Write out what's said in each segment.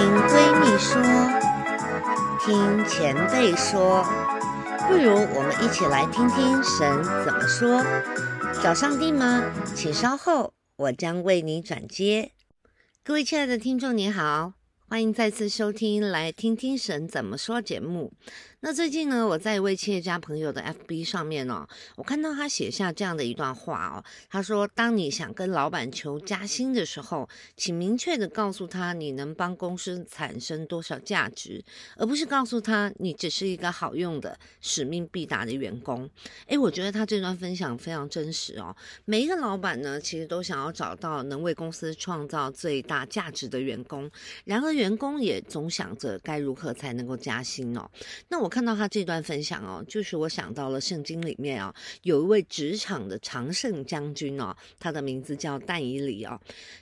聽閨蜜說，聽前輩說，不如我們一起來聽聽神怎麼說。找上帝嗎？請稍後，我將為你轉接。各位親愛的聽眾，你好。歡迎再次收聽《來聽聽神怎麼說》節目。那最近呢，我在一位企業家朋友的 FB 上面哦，我看到他寫下這樣的一段話哦。他說：“當你想跟老闆求加薪的時候，請明確的告訴他你能幫公司產生多少價值，而不是告訴他你只是一個好用的使命必達的員工。”哎，我覺得他這段分享非常真實哦。每一個老闆呢，其實都想要找到能為公司創造最大價值的員工，然後，員工也總想着該如何才能夠加薪哦。那我看到他這段分享哦，就是我想到了聖經裡面啊、哦，有一位職場的常勝將軍哦，他的名字叫但以理哦。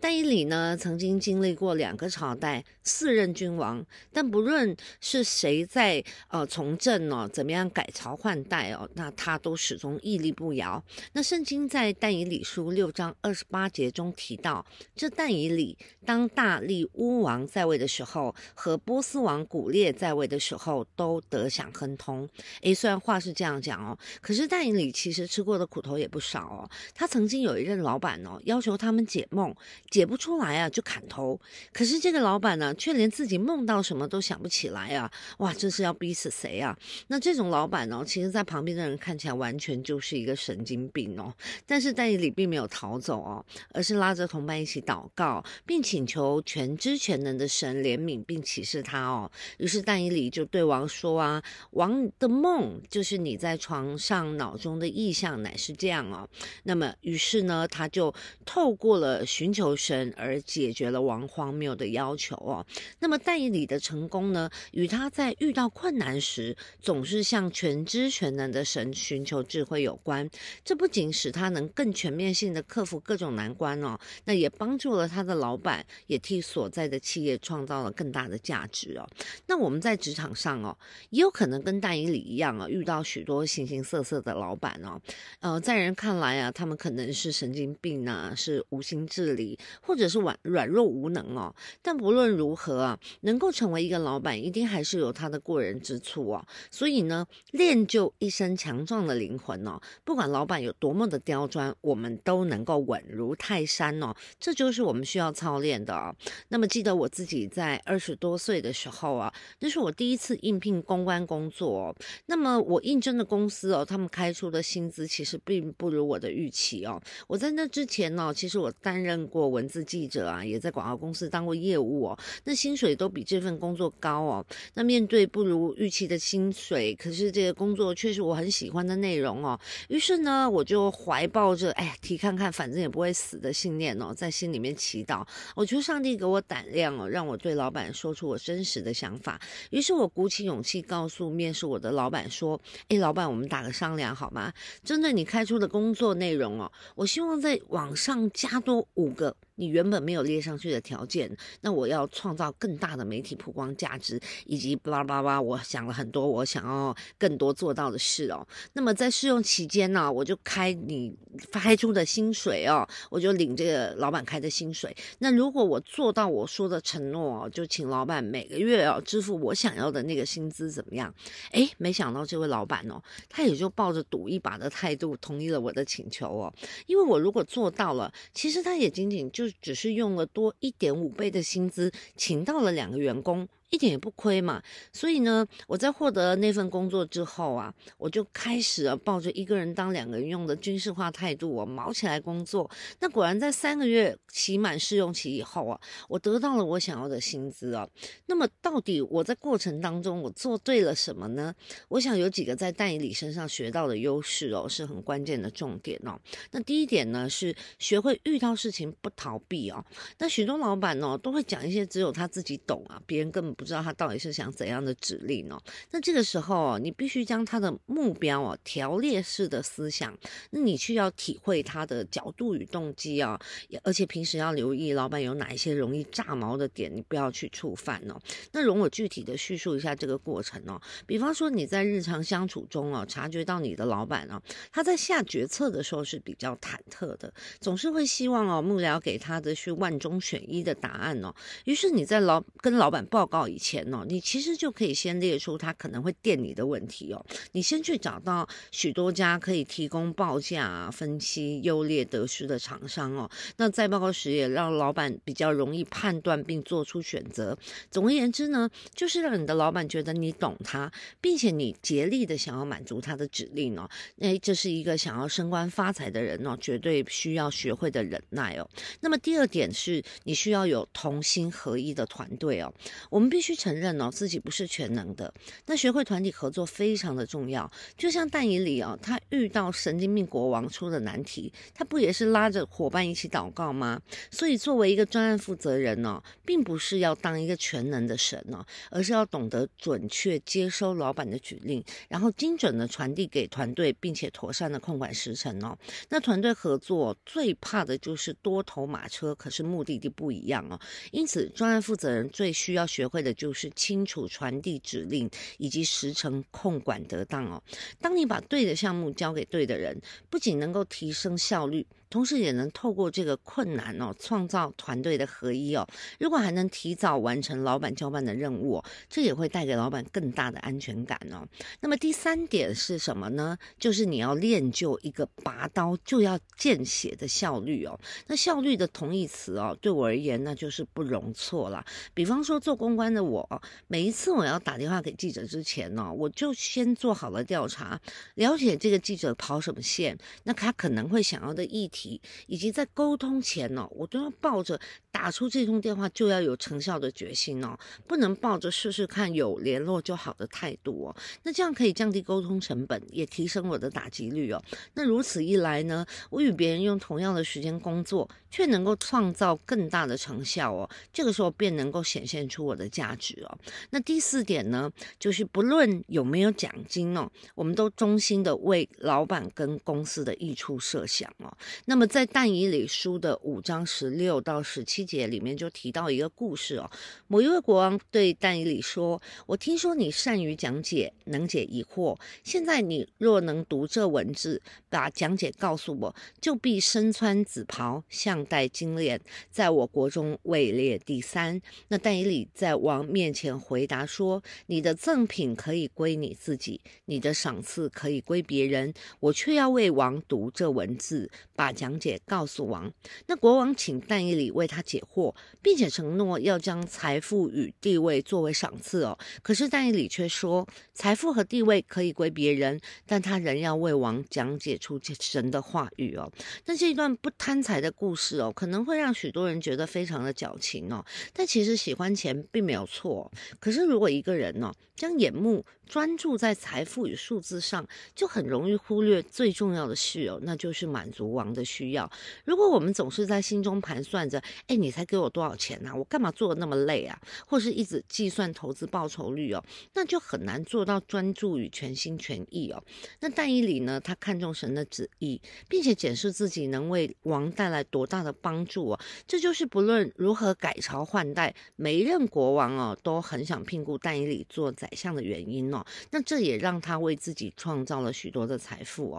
但以理呢，曾經經歷過兩個朝代，四任君王，但不論是誰在呃從政呢、哦，怎麼樣改朝換代哦，那他都始終屹立不搖。那聖經在但以理書六章二十八節中提到，這但以理當大利烏王在位的時候和波斯王古列在位的時候都得享亨通。誒，雖然話是這樣講哦，可是但以理其實吃過的苦頭也不少哦。他曾經有一任老板哦，要求他們解夢，解不出來啊就砍頭。可是這個老板呢、啊，卻連自己夢到什麼都想不起來啊！哇，這是要逼死誰啊？那這種老板哦，其實在旁邊的人看起來完全就是一個神經病哦。但是但以理並沒有逃走哦，而是拉着同伴一起禱告，並請求全知全能的神。憐憫並啟示他哦，於是但以理就對王說啊，王的夢就是你在床上腦中的意象乃是這樣哦。那麼於是呢，他就透過了尋求神而解決了王荒謬的要求哦。那麼但以理的成功呢，與他在遇到困難時總是向全知全能的神尋求智慧有關。這不僅使他能更全面性的克服各種難關哦，那也幫助了他的老板，也替所在的企業創。創造了更大的價值哦。那我們在職場上哦，也有可能跟但以理一樣啊，遇到許多形形色色的老板哦。呃，在人看來啊，他們可能是神經病呢、啊，是無心治理，或者是軟軟弱無能哦。但不論如何啊，能夠成為一個老板，一定還是有他的過人之處哦。所以呢，練就一身強壯的靈魂哦，不管老板有多麼的刁鑽，我們都能夠穩如泰山哦。這就是我們需要操練的、哦。那麼，記得我自己。在二十多歲的時候啊，那是我第一次應聘公關工作、哦。那麼我應徵的公司哦，他們開出的薪資其實並不如我的預期哦。我在那之前呢、哦，其實我擔任過文字記者啊，也在廣告公司當過業務哦。那薪水都比這份工作高哦。那面對不如預期的薪水，可是這個工作卻是我很喜歡的內容哦。於是呢，我就懷抱着“哎呀，提看看，反正也不會死”的信念哦，在心裡面祈禱。我求上帝給我膽量哦，讓。我對老板說出我真實的想法，於是我鼓起勇氣告訴面試我的老闆說：“誒，老板，我們打個商量好嗎？針對你開出的工作內容哦，我希望再往上加多五個。”你原本沒有列上去的條件，那我要創造更大的媒體曝光價值，以及巴拉巴拉，我想了很多我想要更多做到的事哦。那麼在試用期間呢、啊，我就開你開出的薪水哦，我就領這個老板開的薪水。那如果我做到我說的承諾哦，就請老板每個月要、哦、支付我想要的那個薪資，怎麼樣？誒，沒想到這位老板哦，他也就抱着賭一把的態度同意了我的請求哦，因為我如果做到了，其實他也僅僅就是。只是用了多一點五倍的薪資，請到了兩個員工。一點也不虧嘛，所以呢，我在獲得了那份工作之後啊，我就開始啊，抱着一個人當兩個人用的軍事化態度，哦，我卯起來工作。那果然在三個月期滿試用期以後啊，我得到了我想要的薪資啊，哦。那麼到底我在過程當中我做對了什麼呢？我想有幾個在但以理身上學到的優勢哦，是很關鍵的重點哦。那第一點呢，是學會遇到事情不逃避哦。那許多老板呢，哦，都會講一些只有他自己懂啊，別人更。不知道他到底是想怎樣的指令呢？那這個時候哦，你必須將他的目標啊、哦、條列式的思想，那你去要體會他的角度與動機啊、哦，而且平時要留意老闆有哪一些容易炸毛的點，你不要去觸犯哦。那容我具體的敘述一下這個過程哦。比方說你在日常相處中啊、哦，察覺到你的老闆啊、哦，他在下決策的時候是比較忐忑的，總是會希望哦，幕僚給他的是萬中選一的答案哦。於是你在老跟老闆報告以前哦，你其實就可以先列出他可能會電你的問題哦，你先去找到許多家可以提供報價啊、分析優劣得失的廠商哦，那在報告時也讓老闆比較容易判斷並做出選擇。總而言之呢，就是讓你的老闆覺得你懂他，並且你竭力的想要滿足他的指令哦。哎，這是一個想要升官發財的人呢、哦，絕對需要學會的忍耐哦。那麼第二點是，你需要有同心合一的團隊哦，我們。必須承認哦，自己不是全能的，那學會團體合作非常的重要。就像但以理哦，他遇到神經病國王出的難題，他不也是拉着伙伴一起禱告嗎？所以作為一個專案負責人呢、哦，並不是要當一個全能的神哦，而是要懂得準確接收老板的指令，然後精準的傳遞給團隊，並且妥善的控管時程哦。那團隊合作最怕的就是多頭馬車，可是目的地不一樣哦。因此，專案負責人最需要學會的。就是清楚傳遞指令以及時程控管得當哦。當你把對的項目交給對的人，不僅能夠提升效率，同時也能透過這個困難哦，創造團隊的合一哦。如果還能提早完成老板交辦的任務哦，這也會帶給老板更大的安全感哦。那麼第三點是什麼呢？就是你要練就一個拔刀就要見血的效率哦。那效率的同義詞哦，對我而言那就是不容錯了。比方說做公關的我，每一次我要打電話給記者之前哦，我就先做好了調查，了解這個記者跑什麼線，那他可能會想要的議題。以及在溝通前呢、哦，我都要抱着打出這通電話就要有成效的決心哦，不能抱着試試看有聯絡就好的態度哦。那這樣可以降低溝通成本，也提升我的打擊率哦。那如此一來呢，我與別人用同樣的時間工作。卻能夠創造更大的成效哦，這個時候便能夠顯現出我的價值哦。那第四點呢，就是不論有沒有獎金哦，我們都衷心的為老板跟公司的益處設想哦。那麼在《但以理書》的五章十六到十七節裡面就提到一個故事哦。某一位國王對但以理說：“我聽說你善於講解，能解疑惑。現在你若能讀這文字，把講解告訴我，就必身穿紫袍，項。”戴金鍊在我國中位列第三。那但以理在王面前回答說：“你的贈品可以歸你自己，你的賞賜可以歸別人，我卻要為王讀這文字，把講解告訴王。”那國王請但以理為他解惑，並且承諾要將財富與地位作為賞賜哦。可是但以理卻說：“財富和地位可以歸別人，但他仍要為王講解出神的話語哦。”那這一段不貪財的故事。是哦，可能會讓許多人覺得非常的矯情哦，但其實喜歡錢並沒有錯、哦。可是如果一個人、哦、將眼目專注在財富與數字上，就很容易忽略最重要的事哦，那就是滿足王的需要。如果我們總是在心中盤算着，哎，你才給我多少錢啊，我幹嘛做得那麼累啊？或是一直計算投資報酬率哦，那就很難做到專注與全心全意哦。那但以理呢？他看重神的旨意，並且檢視自己能為王帶來多大。大的幫助哦、啊，這就是不論如何改朝換代，每一任國王哦、啊、都很想聘雇但以理做宰相的原因哦、啊。那這也讓他為自己創造了許多的財富哦、啊。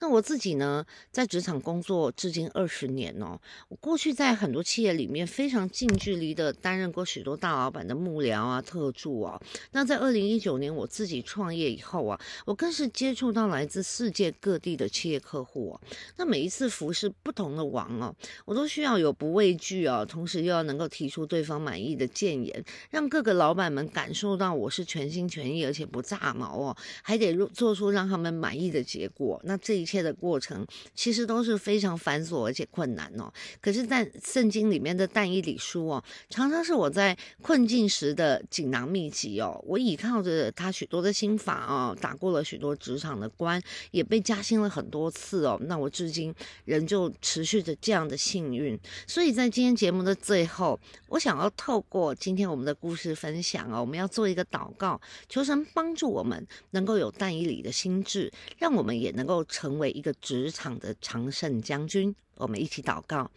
那我自己呢，在職場工作至今二十年哦、啊，我過去在很多企業裡面非常近距離的擔任過許多大老闆的幕僚啊、特助哦、啊。那在二零一九年我自己創業以後啊，我更是接觸到來自世界各地的企業客戶哦、啊。那每一次服侍不同的王哦、啊。我都需要有不畏懼哦，同時又要能夠提出對方滿意的諫言，讓各個老板們感受到我是全心全意，而且不炸毛哦，還得做出讓他們滿意的結果。那這一切的過程其實都是非常繁瑣而且困難哦。可是，在聖經裡面的但以理書哦，常常是我在困境時的錦囊秘籍哦。我依靠着他許多的心法哦，打過了許多職場的關，也被加薪了很多次哦。那我至今仍舊持續着這樣的。幸運，所以在今天節目的最後，我想要透過今天我們的故事分享哦，我們要做一個禱告，求神幫助我們能夠有但以理的心智，讓我們也能夠成為一個職場的常勝將軍。我們一起禱告，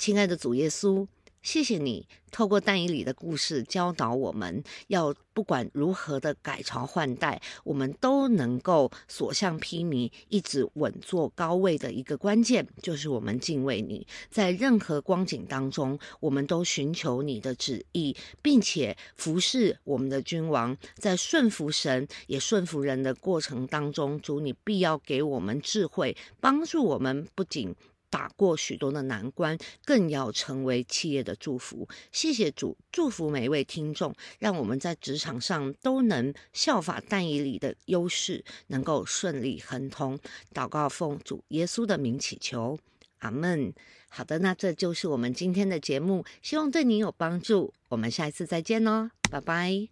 親愛的主耶穌。謝謝你，透過但以理的故事教導我們，要不管如何的改朝換代，我們都能夠所向披靡，一直穩坐高位的一個關鍵，就是我們敬畏你，在任何光景當中，我們都尋求你的旨意，並且服侍我們的君王，在順服神也順服人的過程當中，主你必要給我們智慧，幫助我們不僅，打過許多的難關，更要成為企業的祝福。謝謝主，祝福每一位聽眾，讓我們在職場上都能效法但以理的優勢，能夠順利亨通。禱告奉主耶穌的名祈求，阿門。好的，那這就是我們今天的節目，希望對你有幫助。我們下一次再見咯，拜拜。